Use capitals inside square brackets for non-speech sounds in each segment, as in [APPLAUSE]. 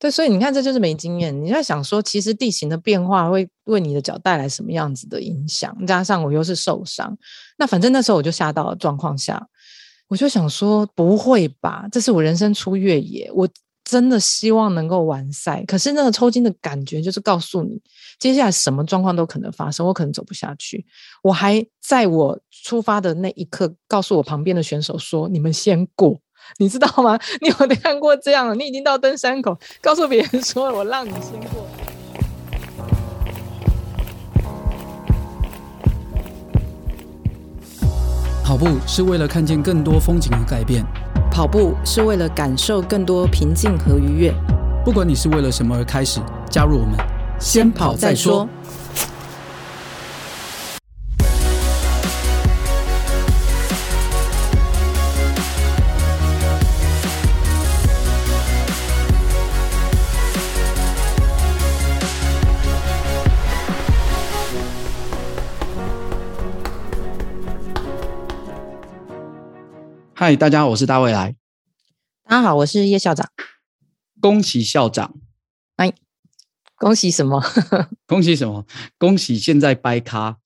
對，所以你看，這就是沒經驗。你在想說，其實地形的變化會為你的腳帶來什麼樣子的影響？加上我又是受傷，那反正那時候我就嚇到了。狀況下，我就想說，不會吧？這是我人生初越野，我真的希望能夠完賽。可是那個抽筋的感覺，就是告訴你，接下來什麼狀況都可能發生，我可能走不下去。我還在我出發的那一刻，告訴我旁邊的選手說：“你們先過。”你知道嗎？你有看過這樣？你已經到登山口，告訴別人說：“我讓你先過。”跑步是為了看見更多風景而改變。跑步是為了感受更多平靜和愉悅。不管你是為了什麼而開始，加入我們，先跑再說。嗨，Hi, 大，家大，大家好，我是大衛來。大家好，我是葉校長。恭喜校長。哎，恭喜什麼？ [LAUGHS] 恭喜什麼？恭喜現在掰咖。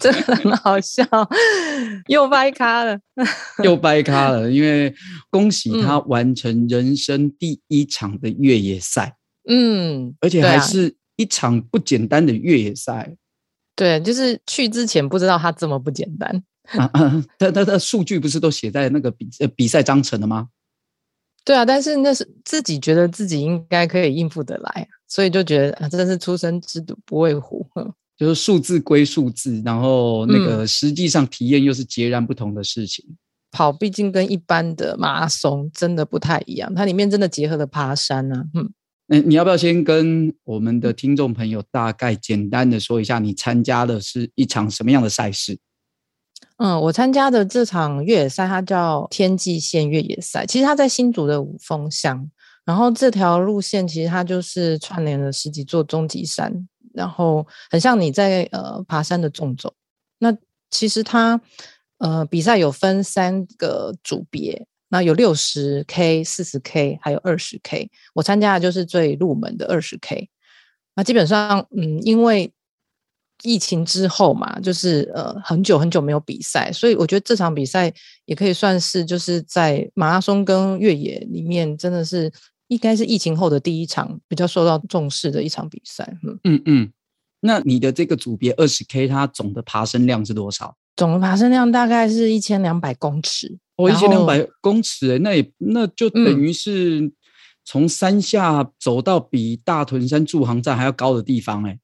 真的很好笑， [LAUGHS] [LAUGHS] [LAUGHS] 又掰咖了， [LAUGHS] 又掰咖了，因為恭喜他完成人生第一場的越野賽。嗯，而且還是一場不簡單的越野賽。嗯，對啊。對，就是去之前不知道他這麼不簡單。啊，它它的數據不是都寫在那個比呃比賽章程了嗎？對啊，但是那是自己覺得自己應該可以應付得來，所以就覺得啊，真是初生之犢不畏虎，就是數字歸數字，然後那個實際上體驗又是截然不同的事情。跑畢、嗯、竟跟一般的馬拉松真的不太一樣，它裡面真的結合了爬山啊。嗯，那、欸、你要不要先跟我們的聽眾朋友大概簡單的說一下，你參加的是一場什麼樣的賽事？嗯，我參加的這場越野賽，它叫天際線越野賽。其實它在新竹的五峰鄉，然後這條路線其實它就是串聯了十幾座中級山，然後很像你在呃爬山的縱走。那其實它呃比賽有分三個組別，那有六十 K、四十 K 還有二十 K。我參加的就是最入門的二十 K。那基本上，嗯，因為。疫情之後嘛，就是呃，很久很久沒有比賽，所以我覺得這場比賽也可以算是就是在馬拉松跟越野裡面，真的是應該是疫情後的第一場比較受到重視的一場比賽。嗯嗯，嗯，那你的這個組別二十 K，它總的爬升量是多少？總的爬升量大概是一千兩百公尺。哦，一千兩百公尺，欸，那也那就等於是從山下走到比大屯山助航站還要高的地方，欸，哎。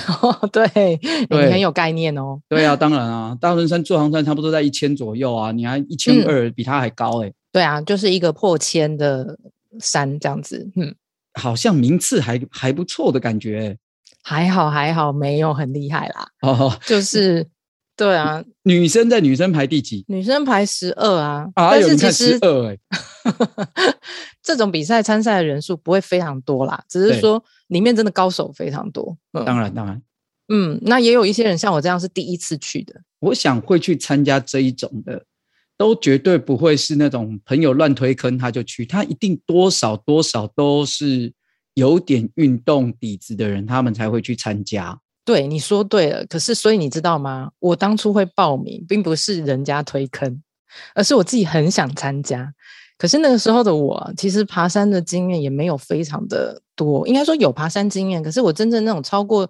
[LAUGHS] 對，欸、你很有概念哦。對。對啊，當然啊，大倫山、中航山，差不多在一千左右啊，你還一千二，比它還高哎、欸。對啊，就是一個破千的山這樣子，嗯，好像名次還還不錯的感覺、欸。還好還好，沒有很厲害啦， [LAUGHS] 就是。 [LAUGHS] 對啊，女生在女生排第幾？女生排十二啊。啊呦但是其實你看十二哎！這種比賽參賽的人數不會非常多啦，只是說裡面真的高手非常多。當然對、嗯、當然，當然嗯，那也有一些人像我這樣是第一次去的。我想會去參加這一種的，都絕對不會是那種朋友亂推坑他就去，他一定多少多少都是有點運動底子的人，他們才會去參加。對，你說對了，可是所以你知道嗎？我當初會報名，並不是人家推坑，而是我自己很想參加。可是那個時候的我，其實爬山的經驗也沒有非常的多。應該說有爬山經驗，可是我真正那種超過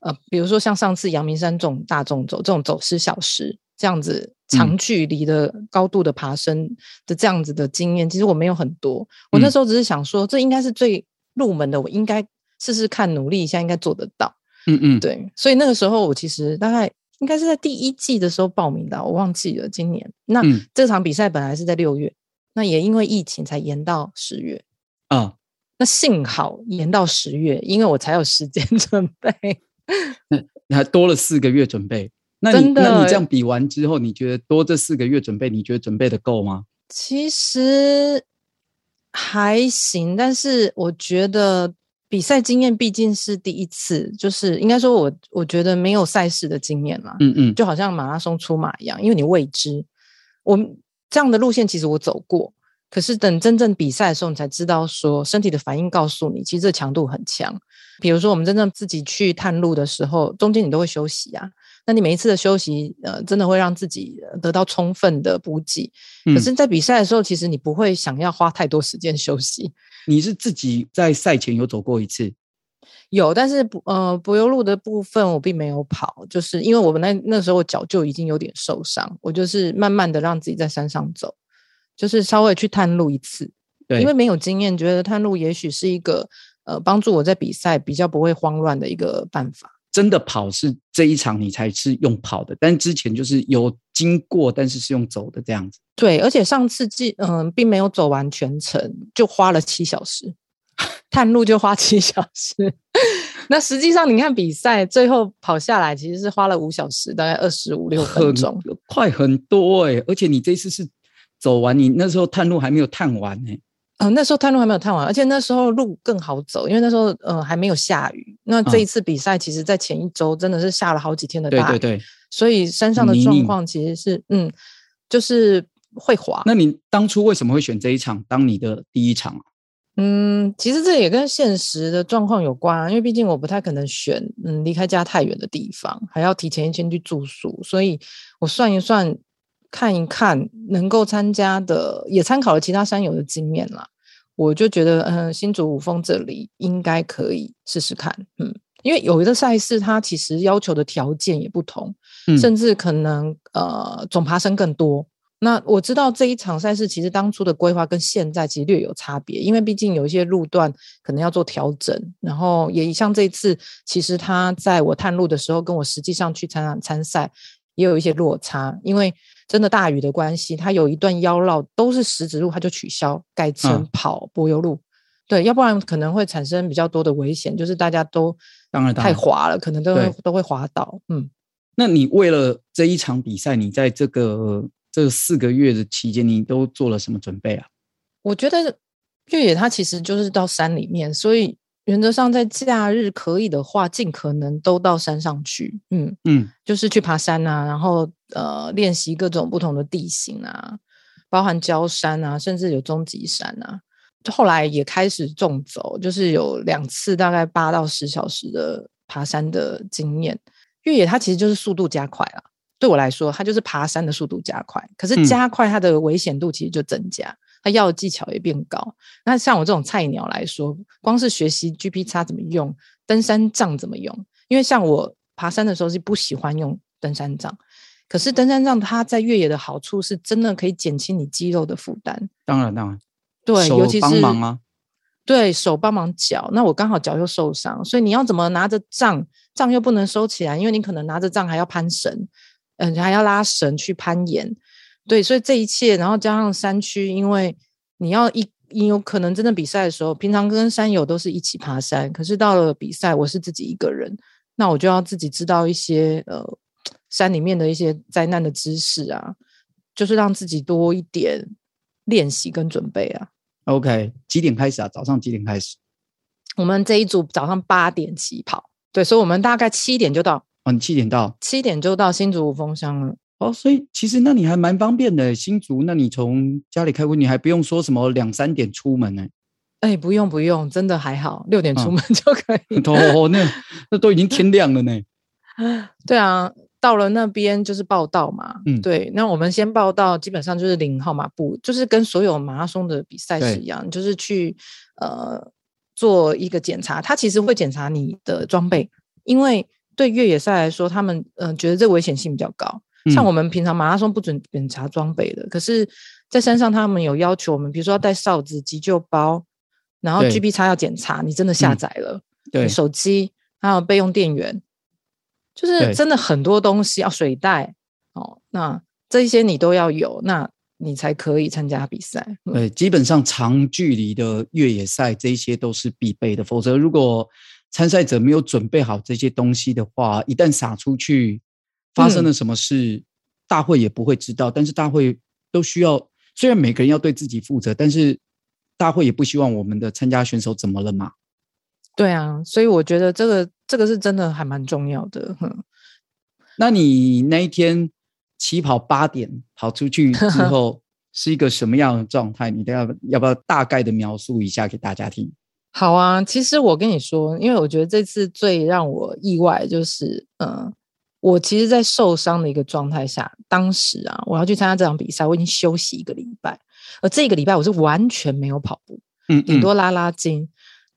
呃，比如說像上次陽明山這種大眾走這種走十小時這樣子長距離的高度的爬升的這樣子的經驗，嗯、其實我沒有很多。我那時候只是想說，這應該是最入門的，我應該試試看，努力一下應該做得到。嗯嗯，對，所以那個時候我其實大概應該是在第一季的時候報名的啊，我忘記了今年。那這場比賽本來是在六月，那也因為疫情才延到十月啊。嗯、那幸好延到十月，因為我才有時間準備， [LAUGHS] 你還多了四個月準備。那你真的 那你這樣比完之後，你覺得多這四個月準備，你覺得準備得夠嗎？其實還行，但是我覺得。比賽經驗畢竟是第一次，就是應該說我，我我覺得沒有賽事的經驗嘛，嗯嗯，就好像馬拉松出馬一樣，因為你未知，我這樣的路線其實我走過，可是等真正比賽的時候，你才知道說身體的反應告訴你，其實這強度很強。比如說我們真正自己去探路的時候，中間你都會休息啊。那你每一次的休息，呃，真的會讓自己得到充分的補給。嗯、可是，在比賽的時候，其實你不會想要花太多時間休息。你是自己在賽前有走過一次？有，但是不呃，柏油路的部分我並沒有跑，就是因為我們那那時候腳就已經有點受傷，我就是慢慢的讓自己在山上走，就是稍微去探路一次。對，因為沒有經驗，覺得探路也許是一個呃幫助我在比賽比較不會慌亂的一個辦法。真的跑是這一場你才是用跑的，但之前就是有經過，但是是用走的這樣子。對，而且上次記嗯並沒有走完全程，就花了七小時探路，就花七小時。 [LAUGHS] 那實際上你看比賽最後跑下來其實是花了五小時，大概二十五六分鐘，快很多哎、欸。而且你這次是走完，你那時候探路還沒有探完呢、欸。嗯，那時候探路還沒有探完，而且那時候路更好走，因為那時候嗯、呃、還沒有下雨。那這一次比賽，其實在前一週真的是下了好幾天的大雨，嗯、對對對，所以山上的狀況其實是嗯，就是會滑。那你當初為什麼會選這一場當你的第一場？嗯，其實這也跟現實的狀況有關、啊，因為畢竟我不太可能選嗯離開家太遠的地方，還要提前一天去住宿，所以我算一算。看一看能夠參加的，也參考了其他山友的經驗了，我就覺得，嗯、呃，新竹五峰這裡應該可以試試看，嗯，因為有一個賽事，它其實要求的條件也不同，嗯、甚至可能呃總爬升更多。那我知道這一場賽事其實當初的規劃跟現在其實略有差別，因為畢竟有一些路段可能要做調整，然後也像這一次，其實他在我探路的時候，跟我實際上去參參賽。也有一些落差，因為真的大雨的關係，它有一段腰繞都是石子路，它就取消，改成跑、嗯、柏油路。對，要不然可能會產生比較多的危險，就是大家都當然，當然太滑了，可能都會對都會滑倒。嗯，那你為了這一場比賽，你在這個這個、四個月的期間，你都做了什麼準備啊？我覺得越野它其實就是到山裡面，所以。原則上，在假日可以的話，盡可能都到山上去。嗯嗯，就是去爬山啊，然後呃，練習各種不同的地形啊，包含郊山啊，甚至有中級山啊。後來也開始重走，就是有兩次大概八到十小時的爬山的經驗。越野它其實就是速度加快了，對我來說，它就是爬山的速度加快。可是加快它的危險度其實就增加，嗯他要的技巧也變高。那像我這種菜鳥來說，光是學習 GPX 怎麼用，登山杖怎麼用。因為像我爬山的時候是不喜歡用登山杖，可是登山杖它在越野的好處是真的可以減輕你肌肉的負擔。當然當然，對，手尤其是手幫忙啊，對，手幫忙腳。那我剛好腳又受傷，所以你要怎麼拿着杖？杖又不能收起來，因為你可能拿着杖還要攀繩，嗯、呃，還要拉繩去攀岩。對，所以這一切，然後加上山區，因為你要一你有可能真的比賽的時候，平常跟山友都是一起爬山，可是到了比賽，我是自己一個人，那我就要自己知道一些呃山裡面的一些災難的知識啊，就是讓自己多一點練習跟準備啊。OK，幾點開始啊？早上幾點開始？我們這一組早上八點起跑，對，所以我們大概七點就到。哦，你七點到，七點就到新竹五峰鄉了。哦，oh, 所以其實那你還蠻方便的，新竹。那你從家裡開會，你還不用說什麼兩三點出門呢？哎、欸，不用不用，真的還好，六點出門、啊、 [LAUGHS] 就可以。哦，那那都已經天亮了呢。 [LAUGHS] 對啊，到了那邊就是報到嘛。嗯，對，那我們先報到，基本上就是領號碼布，就是跟所有馬拉松的比賽是一樣，對就是去呃做一個檢查。他其實會檢查你的裝備，因為對越野賽來說，他們嗯、呃、覺得這危險性比較高。像我們平常馬拉松不准檢查裝備的，嗯、可是，在山上他們有要求我們，比如說要帶哨子、急救包，然後 GPX 要檢查，嗯、你真的下載了、嗯、對手機，還有備用電源，就是真的很多東西要對、哦、水袋哦。那這些你都要有，那你才可以參加比賽、嗯。對、基本上長距離的越野賽，這些都是必備的。否則，如果參賽者沒有準備好這些東西的話，一旦撒出去。發生了什麼事？嗯、大會也不會知道，但是大會都需要。雖然每個人要對自己負責，但是大會也不希望我們的參加選手怎麼了嘛？對啊，所以我覺得這個這個是真的還蠻重要的。嗯、那你那一天起跑八點跑出去之後 [LAUGHS] 是一個什麼樣的狀態？你都要要不要大概的描述一下給大家聽？好啊，其實我跟你說，因為我覺得這次最讓我意外就是嗯。我其實，在受傷的一個狀態下，當時啊，我要去參加這場比賽，我已經休息一個禮拜，而這個禮拜我是完全沒有跑步，嗯、嗯，頂多拉拉筋，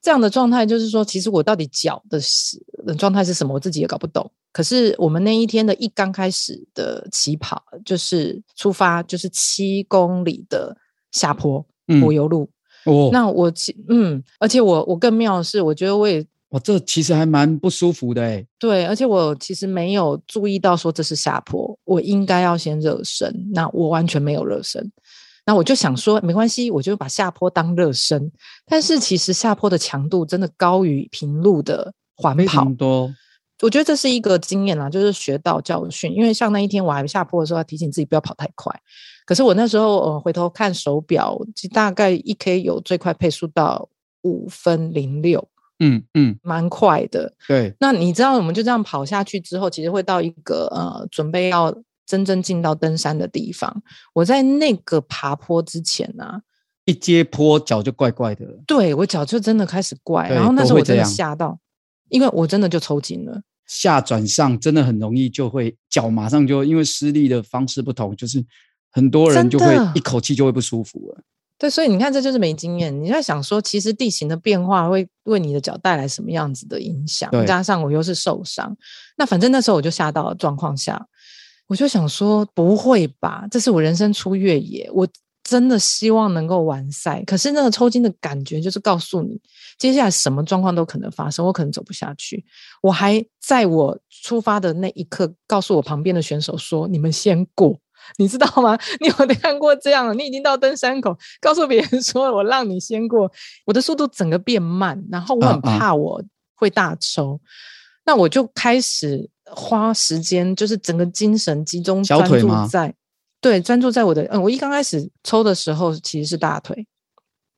這樣的狀態就是說，其實我到底腳的是的狀態是什麼，我自己也搞不懂。可是我們那一天的一剛開始的起跑，就是出發，就是七公里的下坡，嗯，柏油路，嗯、哦，那我，嗯，而且我，我更妙的是，我覺得我也。我這其實還蠻不舒服的誒，對，而且我其實沒有注意到說，這是下坡，我應該要先熱身，那我完全沒有熱身，那我就想說沒關係，我就把下坡當熱身，但是其實下坡的強度真的高於平路的緩跑沒多，我覺得這是一個經驗啦，就是學到教訓，因為像那一天我還沒下坡的時候，要提醒自己不要跑太快，可是我那時候呃回頭看手表，大概一 k 有最快配速到五分零六。嗯嗯，蠻、嗯、快的。對，那你知道我們就這樣跑下去之後，其實會到一個呃，準備要真正進到登山的地方。我在那個爬坡之前呢、啊，一接坡腳就怪怪的了。對，我腳就真的開始怪，對然後那時候我真的嚇到，因為我真的就抽筋了。下轉上真的很容易就會腳馬上就因為施力的方式不同，就是很多人就會一口氣就會不舒服了。對，所以你看，這就是沒經驗。你在想說，其實地形的變化會為你的腳帶來什麼樣子的影響？對加上我又是受傷，那反正那時候我就嚇到了。狀況下，我就想說，不會吧？這是我人生初越野，我真的希望能夠完賽。可是那個抽筋的感覺，就是告訴你，接下來什麼狀況都可能發生。我可能走不下去。我還在我出發的那一刻，告訴我旁邊的選手說：“你們先過。”你知道嗎？你有看過這樣？你已經到登山口，告訴別人說，我讓你先過。我的速度整個變慢，然後我很怕我會大抽，啊啊、那我就開始花時間，就是整個精神集中專注在，對，專注在我的，嗯，我一剛開始抽的時候其實是大腿，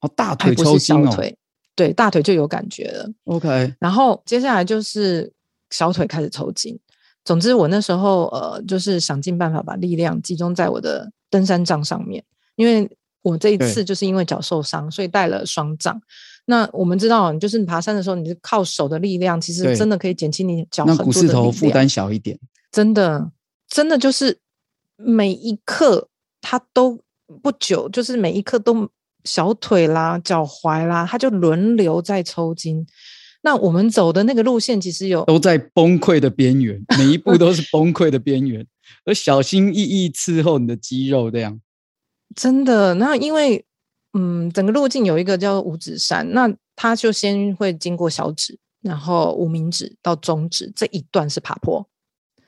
哦，大腿抽筋不是小腿哦，對，大腿就有感覺了，OK，然後接下來就是小腿開始抽筋。總之，我那時候呃，就是想盡辦法把力量集中在我的登山杖上面，因為我這一次就是因為腳受傷，對所以帶了雙杖。那我們知道，就是你爬山的時候，你是靠手的力量，其實真的可以減輕你腳那股四頭負擔小一點。真的，真的就是每一刻它都不久，就是每一刻都小腿啦、腳踝啦，它就輪流在抽筋。那我們走的那個路線，其實有都在崩潰的邊緣， [LAUGHS] 每一步都是崩潰的邊緣，而 [LAUGHS] 小心翼翼伺候你的肌肉，這樣。真的，那因為嗯，整個路徑有一個叫五指山，那它就先會經過小指，然後無名指到中指這一段是爬坡。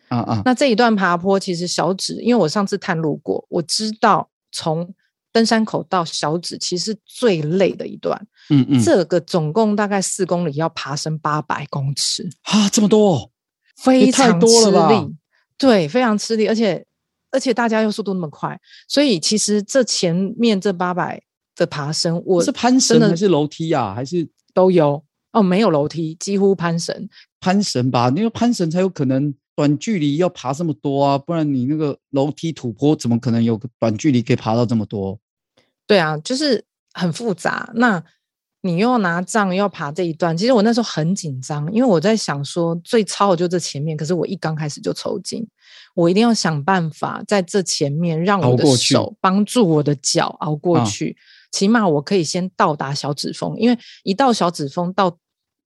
啊啊，那這一段爬坡其實小指，因為我上次探路過，我知道從。登山口到小指其實最累的一段，嗯嗯，這個總共大概四公里，要爬升八百公尺啊，這麼多，哦，非常吃力，對，非常吃力，而且而且大家又速度那麼快，所以其實這前面這八百的爬升，我是攀繩的還是樓梯啊？還是都有哦？沒有樓梯，幾乎攀繩，攀繩吧，因為攀繩才有可能短距離要爬這麼多啊，不然你那個樓梯土坡怎麼可能有短距離可以爬到這麼多？對啊，就是很複雜。那你又要拿杖又要爬這一段，其實我那時候很緊張，因為我在想說最糙的就是這前面，可是我一剛開始就抽筋，我一定要想辦法在這前面讓我的手幫助我的腳熬過去，啊、起碼我可以先到達小指峰，因為一到小指峰到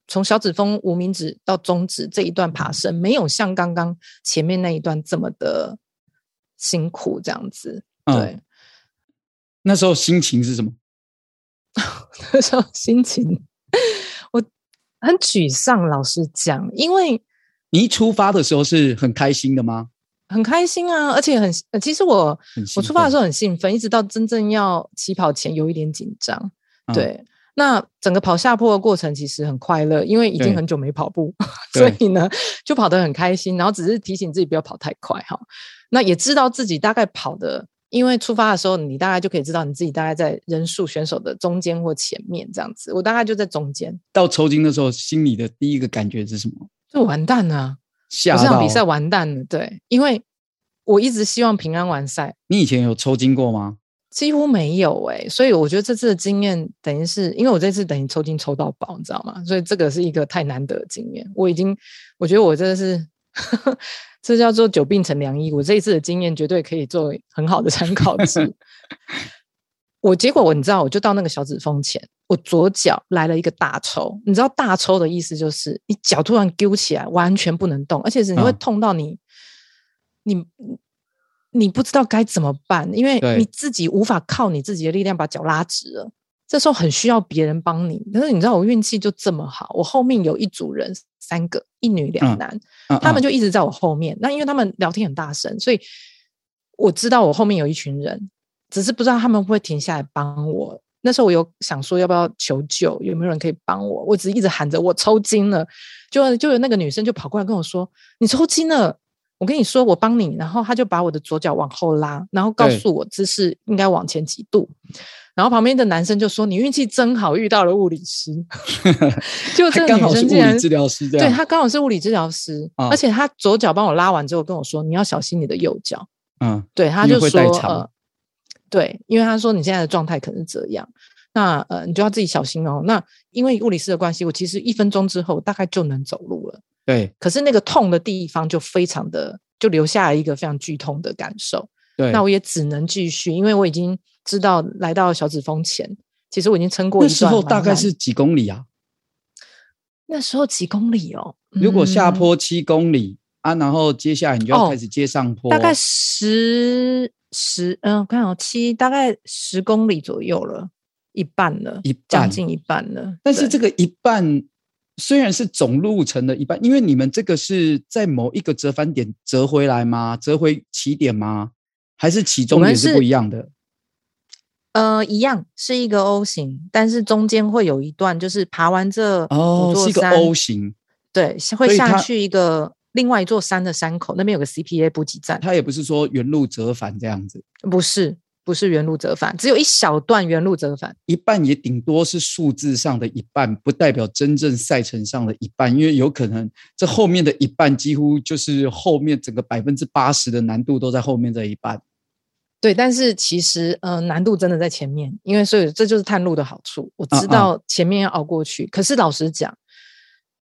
從小指峰無名指到中指這一段爬升，沒有像剛剛前面那一段這麼的辛苦這樣子，對。啊那時候心情是什麼？ [LAUGHS] 那時候心情 [LAUGHS] 我很沮喪。老實講，因為你一出發的時候是很開心的嗎？很開心啊，而且很……其實我我出發的時候很興奮，一直到真正要起跑前有一點緊張。啊、對，那整個跑下坡的過程其實很快樂，因為已經很久沒跑步，對 [LAUGHS] 所以呢就跑得很開心。然後只是提醒自己不要跑太快哈。那也知道自己大概跑的。因為出發的時候，你大概就可以知道你自己大概在人數選手的中間或前面這樣子。我大概就在中間。到抽筋的時候，心裡的第一個感覺是什麼？就完蛋了，好像比賽完蛋了。對，因為我一直希望平安完賽。你以前有抽筋過嗎？幾乎沒有哎、欸，所以我覺得這次的經驗等於是，因為我這次等於抽筋抽到飽，你知道嗎？所以這個是一個太難得的經驗。我已經，我覺得我真的是。 [LAUGHS] 這叫做久病成良醫，我這一次的經驗絕對可以做很好的參考值。 [LAUGHS] 我結果我你知道，我就到那個小指峰前，我左腳來了一個大抽，你知道大抽的意思就是你腳突然丟起來，完全不能動，而且是你會痛到你，哦、你你不知道該怎麼辦，因為你自己無法靠你自己的力量把腳拉直了。這時候很需要別人幫你，可是你知道我運氣就這麼好，我後面有一組人，三個，一女兩男，嗯嗯、他們就一直在我後面。那因為他們聊天很大聲，所以我知道我後面有一群人，只是不知道他們會不會停下來幫我。那時候我有想說要不要求救，有沒有人可以幫我？我只一直喊着我抽筋了，就就有那個女生就跑過來跟我說：“你抽筋了。”我跟你說，我幫你，然後他就把我的左腳往後拉，然後告訴我姿勢應該往前幾度，對然後旁邊的男生就說：“你運氣真好，遇到了物理師。” [LAUGHS] 就這個女生竟然，他剛好是物理治療師這樣，對，他剛好是物理治療師，啊，而且他左腳幫我拉完之後跟我說：“你要小心你的右腳。”嗯，對，他就說，呃，對，因為他說你現在的狀態可能是這樣，那呃，你就要自己小心哦。那，那因為物理師的關係，我其實一分鐘之後大概就能走路了。對，可是那個痛的地方就非常的，就留下了一個非常劇痛的感受。對，那我也只能繼續，因為我已經知道來到小指峰前，其實我已經撐過一段。那時候大概是幾公里啊？那時候幾公里哦？如果下坡七公里、嗯、啊，然後接下來你就要開始接上坡、啊哦，大概十十嗯、呃，我看有、哦、七，大概十公里左右了，一半了，一半將近一半了。但那是對這個一半。雖然是總路程的一半，因為你們這個是在某一個折返點折回來嗎？折回起點嗎？還是起終點是不一樣的？呃，一樣是一個 O 型，但是中間會有一段，就是爬完這五座山，哦，是一個 O 型，對，會下去一個另外一座山的山口，那邊有個 CPA 補給站。他也不是說原路折返這樣子，不是。不是原路折返，只有一小段原路折返，一半也頂多是數字上的一半，不代表真正賽程上的一半，因為有可能這後面的一半幾乎就是後面整個百分之八十的難度都在後面這一半。對，但是其實，嗯、呃，難度真的在前面，因為所以這就是探路的好處，我知道前面要熬過去。啊啊可是老實講，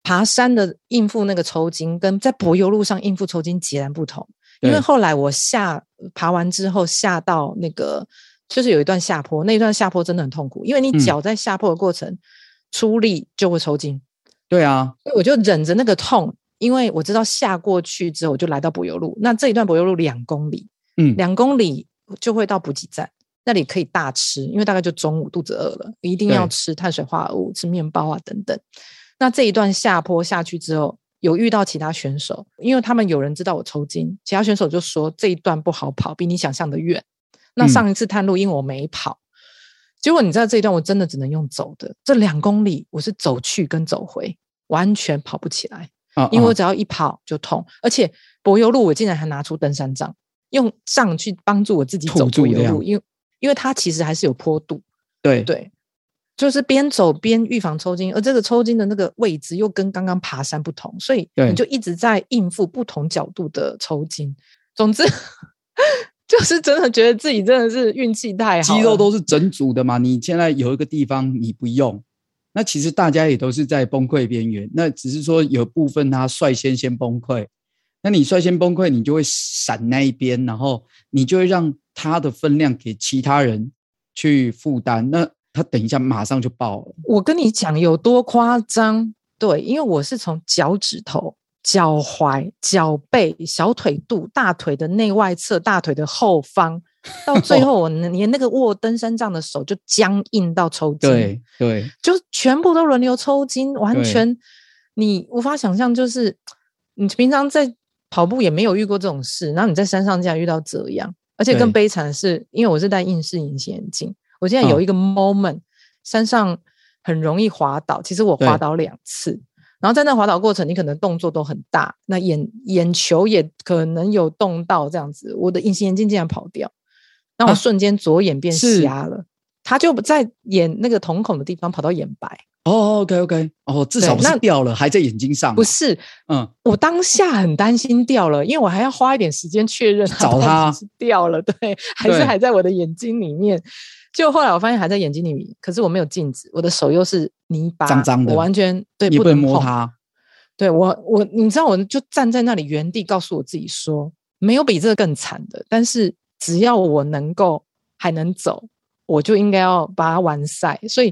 爬山的應付那個抽筋，跟在柏油路上應付抽筋截然不同，對因為後來我下。爬完之後下到那個就是有一段下坡，那一段下坡真的很痛苦，因為你腳在下坡的過程、嗯、出力就會抽筋。對啊，我就忍着那個痛，因為我知道下過去之後我就來到柏油路，那這一段柏油路兩公里，嗯，兩公里就會到補給站，那裡可以大吃，因為大概就中午肚子餓了，一定要吃碳水化合物，對吃麵包啊等等。那這一段下坡下去之後。有遇到其他選手，因為他們有人知道我抽筋，其他選手就說，這一段不好跑，比你想象的遠。那上一次探路、嗯、因為我沒跑，結果你知道這一段我真的只能用走的，這兩公里我是走去跟走回，完全跑不起來，因為我只要一跑就痛，哦哦，而且柏油路我竟然還拿出登山杖，用杖去幫助我自己走柏油路，因為因為它其實還是有坡度，對對。就是邊走邊預防抽筋，而這個抽筋的那個位置又跟剛剛爬山不同，所以你就一直在應付不同角度的抽筋。對。總之呵呵，就是真的覺得自己真的是運氣太好。肌肉都是整組的嘛，你現在有一個地方你不用，那其實大家也都是在崩潰邊緣，那只是說有部分它率先先崩潰，那你率先崩潰，你就會閃那一邊，然後你就會讓它的分量給其他人去負擔。那他等一下，馬上就爆了！我跟你講有多誇張，對，因為我是從腳趾頭、腳踝、腳背、小腿肚、大腿的內外側、大腿的後方，到最後我連 [LAUGHS] 那個握登山杖的手就僵硬到抽筋，對，對，就全部都輪流抽筋，完全對你無法想象，就是你平常在跑步也沒有遇過這種事，然後你在山上竟然遇到這樣，而且更悲慘的是，對因為我是戴硬式隱形眼鏡。我現在有一個 moment，、嗯、山上很容易滑倒。其實我滑倒兩次，對然後在那滑倒過程，你可能動作都很大，那眼眼球也可能有動到這樣子。我的隱形眼鏡竟然跑掉，然後我瞬間左眼變瞎了。它、啊、就在眼那個瞳孔的地方跑到眼白。哦，OK OK，哦，至少不是掉了，對那還在眼睛上、啊。不是，嗯，我當下很擔心掉了，因為我還要花一點時間確認找它掉了，啊、對，對還是還在我的眼睛裡面。就後來我發現還在眼睛裡面，可是我沒有鏡子，我的手又是泥巴，髒髒的，我完全對不能摸它。對我，我你知道，我就站在那裡原地，告訴我自己說，沒有比這個更慘的。但是只要我能夠還能走，我就應該要把它完賽。所以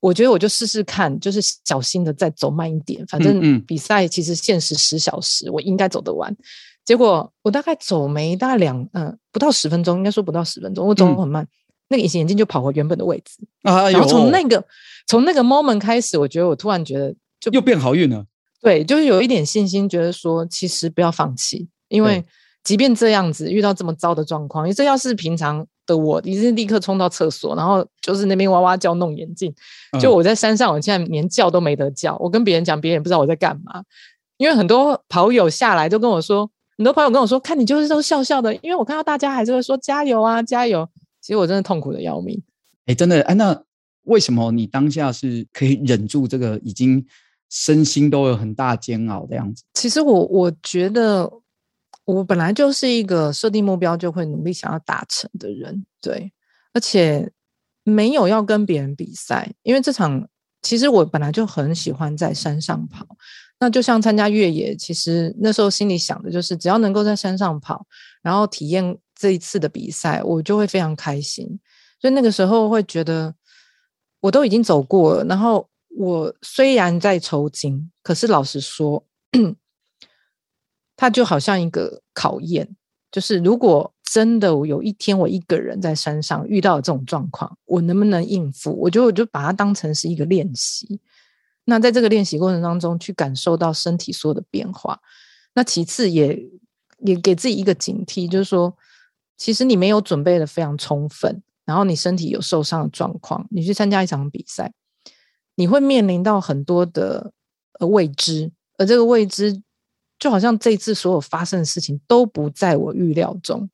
我覺得我就試試看，就是小心的再走慢一點。反正比賽其實限時十小時，我應該走得完。嗯嗯結果我大概走沒大兩嗯、呃，不到十分鐘，應該說不到十分鐘，我走很慢。嗯嗯那個隱形眼鏡就跑回原本的位置，我、啊、然後從那個、哦、從那個 moment 開始，我覺得我突然覺得就又變好運了。對，就是有一點信心，覺得說其實不要放棄，因為即便這樣子、嗯、遇到這麼糟的狀況，因這要是平常的我，一定是立刻衝到廁所，然後就是那邊哇哇叫弄眼鏡。就我在山上，我現在連叫都沒得叫，嗯、我跟別人講，別人不知道我在幹嘛。因為很多跑友下來都跟我說，很多朋友跟我說，看你就是都笑笑的，因為我看到大家還是會說加油啊，加油。所以我真的痛苦得要命，哎、欸，真的，哎、啊，那為什麼你當下是可以忍住這個，已經身心都有很大煎熬的樣子？其實我我覺得，我本來就是一個設定目標就會努力想要達成的人，對，而且沒有要跟別人比賽，因為這場其實我本來就很喜歡在山上跑，那就像參加越野，其實那時候心裡想的就是，只要能夠在山上跑，然後體驗。這一次的比賽，我就會非常開心，所以那個時候會覺得我都已經走過了。然後我雖然在抽筋，可是老實說，它就好像一個考驗。就是如果真的有一天我一個人在山上遇到了這種狀況，我能不能應付？我覺得我就把它當成是一個練習。那在這個練習過程當中，去感受到身體所有的變化。那其次也也給自己一個警惕，就是說。其實你沒有準備的非常充分，然後你身體有受傷的狀況，你去參加一場比賽，你會面臨到很多的呃未知，而這個未知就好像這次所有發生的事情都不在我預料中，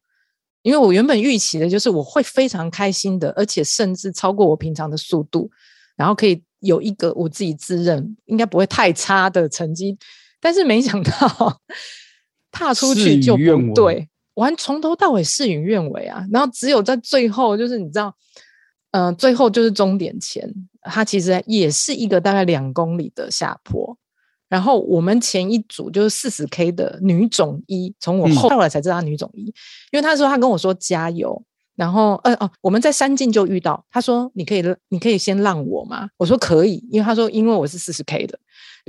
因為我原本預期的就是我會非常開心的，而且甚至超過我平常的速度，然後可以有一個我自己自認應該不會太差的成績，但是沒想到踏出去就不對。完，從頭到尾事與願違啊！然後只有在最後，就是你知道，呃，最後就是終點前，它其實也是一個大概兩公里的下坡。然後我們前一組就是四十 K 的女總一，從我後來才知道她女總一，嗯、因為她說她跟我說加油，然後，呃哦、啊，我們在山徑就遇到，她說你可以你可以先讓我嘛，我說可以，因為她說因為我是四十 K 的，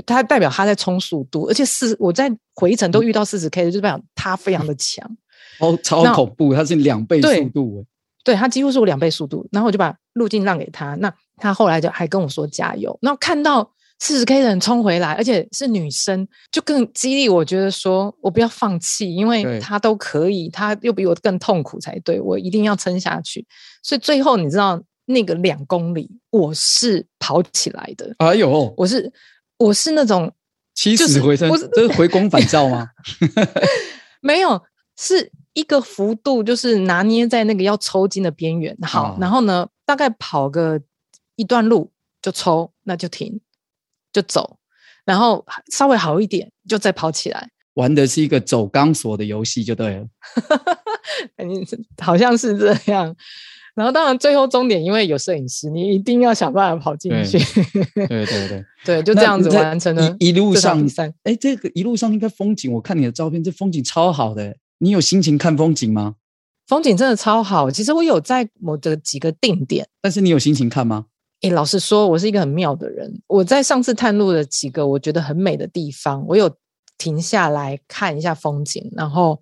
她代表她在衝速度，而且四我在回程都遇到四十 K 的、嗯，就代表她非常的強。嗯超超恐怖，他 Now, 是兩倍速度誒，對他幾乎是我兩倍速度，然後我就把路徑讓給他，那他後來就還跟我說加油。然後看到四十 K 的人衝回來，而且是女生，就更激勵。我覺得說我不要放棄，因為他都可以，他對又比我更痛苦才對，我一定要撐下去。所以最後你知道那個兩公里，我是跑起來的，哎呦，我是我是那種起死回生，就是、我是這是回光返照嗎？ [LAUGHS] 沒有，是。一個幅度，就是拿捏在那個要抽筋的邊緣，好，哦，然後呢，大概跑個一段路就抽，那就停，就走，然後稍微好一點就再跑起來。玩的是一個走鋼索的遊戲就對了，你 [LAUGHS] 好像是這樣。然後當然最後終點因為有攝影師，你一定要想辦法跑進去。 [LAUGHS] 對對對對，對，就這樣子完成了一一路上哎，欸，這個一路上應該風景，我看你的照片，這風景超好的。你有心情看風景嗎？風景真的超好。其實我有在某的幾個定點，但是你有心情看嗎？誒、欸，老實說，我是一個很妙的人。我在上次探路的幾個我覺得很美的地方，我有停下來看一下風景，然後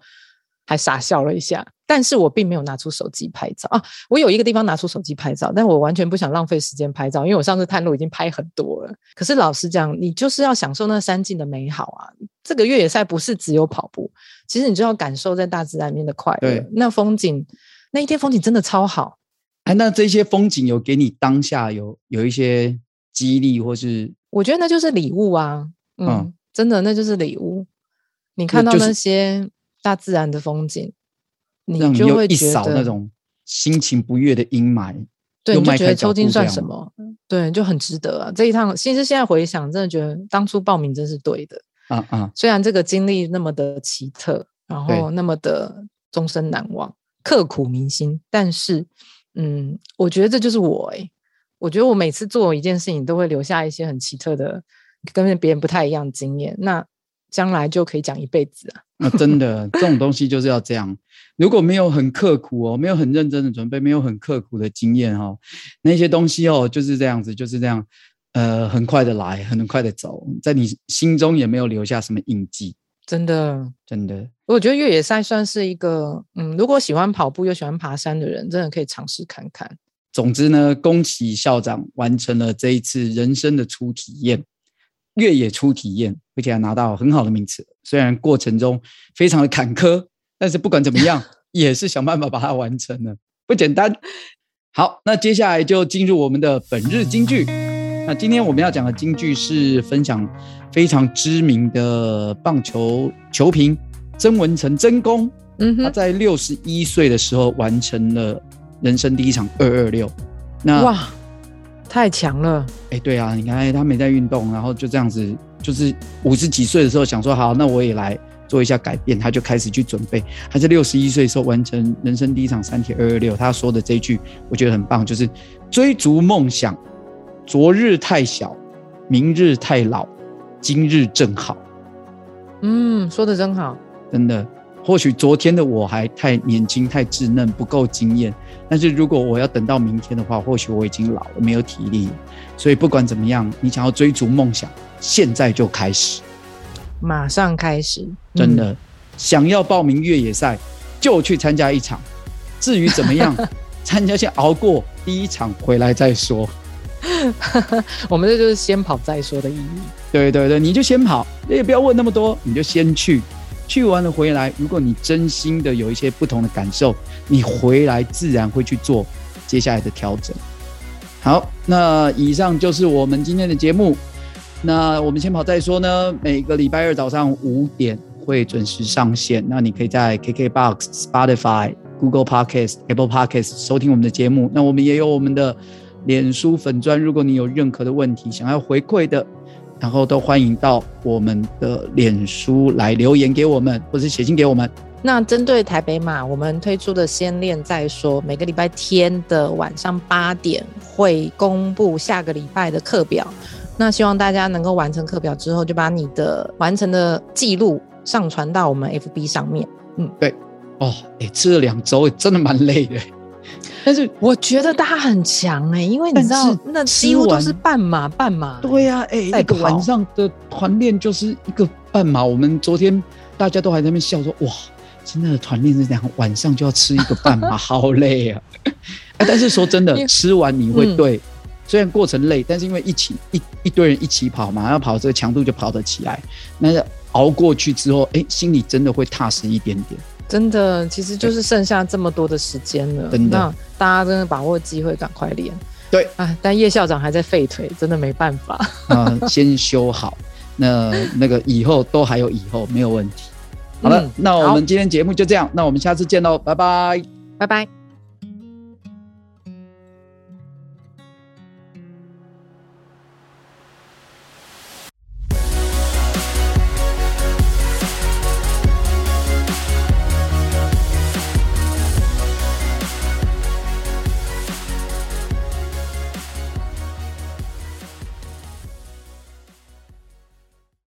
還傻笑了一下。但是我並沒有拿出手機拍照啊。我有一個地方拿出手機拍照，但我完全不想浪費時間拍照，因為我上次探路已經拍很多了。可是老實講，你就是要享受那山徑的美好啊。這個越野賽不是只有跑步，其實你就要感受在大自然裡面的快樂。對，那風景，那一天風景真的超好。哎，那這些風景有給你當下有有一些激勵，或是我覺得那就是禮物啊。嗯，嗯，真的那就是禮物。嗯、你看到那些大自然的風景，就是、你就會覺得你一掃那種心情不悅的陰霾。對，你就覺得抽筋算什麼？對，就很值得啊。這一趟其實現在回想，真的覺得當初報名真是對的。啊啊，啊雖然這個經歷那麼的奇特，然後那麼的終身難忘、對刻骨銘心，但是，嗯，我覺得這就是我、欸、我覺得我每次做一件事情，都會留下一些很奇特的、跟別人不太一樣的經驗。那將來就可以講一輩子了啊。那真的， [LAUGHS] 這種東西就是要這樣。如果沒有很刻苦哦，沒有很認真的準備，沒有很刻苦的經驗哦，那些東西哦，就是這樣子，就是這樣。呃，很快的來，很快的走，在你心中也沒有留下什麼印記。真的，真的，我覺得越野賽算是一個，嗯，如果喜歡跑步又喜歡爬山的人，真的可以嘗試看看。總之呢，恭喜校長完成了這一次人生的初體驗，越野初體驗，而且還拿到很好的名次，雖然過程中非常的坎坷，但是不管怎麼樣， [LAUGHS] 也是想辦法把它完成了，不簡單。好，那接下來就進入我們的本日金句。嗯那今天我們要講的金句是分享非常知名的棒球球評曾文誠曾公，嗯、哼他在六十一歲的時候完成了人生第一場二二六。那哇，太強了！哎、欸，對啊，你看，欸、他沒在運動，然後就這樣子，就是五十幾歲的時候想說好，那我也來做一下改變，他就開始去準備，他在六十一歲時候完成人生第一場三鐵二二六，他說的這一句我覺得很棒，就是追逐夢想。昨日太小，明日太老，今日正好。嗯，說得真好，真的。或許昨天的我還太年輕、太稚嫩，不夠經驗。但是如果我要等到明天的話，或許我已經老了，沒有體力。所以不管怎麼樣，你想要追逐夢想，現在就開始，馬上開始。嗯、真的，想要報名越野賽，就去參加一場。至於怎麼樣， [LAUGHS] 參加先熬過第一場，回來再說。 [LAUGHS] 我們這就是先跑再說的意義。對對對，你就先跑，你也不要問那麼多，你就先去，去完了回來。如果你真心的有一些不同的感受，你回來自然會去做接下來的調整。好，那以上就是我們今天的節目。那我們先跑再說呢？每個禮拜二早上五點會準時上線。那你可以在 KKBOX、Spotify、Google Podcasts、Apple Podcasts 收聽我們的節目。那我們也有我們的。臉書粉專，如果你有任何的問題想要回饋的，然後都歡迎到我們的臉書來留言給我們，或是寫信給我們。那針對台北馬，我們推出的先練再說，每個禮拜天的晚上八點會公布下個禮拜的課表。那希望大家能夠完成課表之後，就把你的完成的記錄上傳到我們 FB 上面。嗯，對。哦，哎，這兩周真的蠻累的。但是我覺得他很強哎、欸，因為你知道，那幾乎都是半馬，半馬、欸。對呀、啊，哎、欸，個一個晚上的團練就是一個半馬。我們昨天大家都還在那邊笑說：“哇，真的團練是這樣，晚上就要吃一個半馬， [LAUGHS] 好累啊！”哎、欸，但是說真的， [LAUGHS] 吃完你會對，嗯、雖然過程累，但是因為一起一一堆人一起跑嘛，要跑這個強度就跑得起來。那熬過去之後，哎、欸，心裡真的會踏實一點點。真的，其實就是剩下這麼多的時間了。那大家真的把握機會連，趕快練。對，啊。但葉校長還在廢腿，真的沒辦法。啊，先修好。 [LAUGHS] 那那個以後都還有以後，沒有問題。好了，嗯，那我們今天節目就這樣。好那我們下次見嘍，拜拜，拜拜。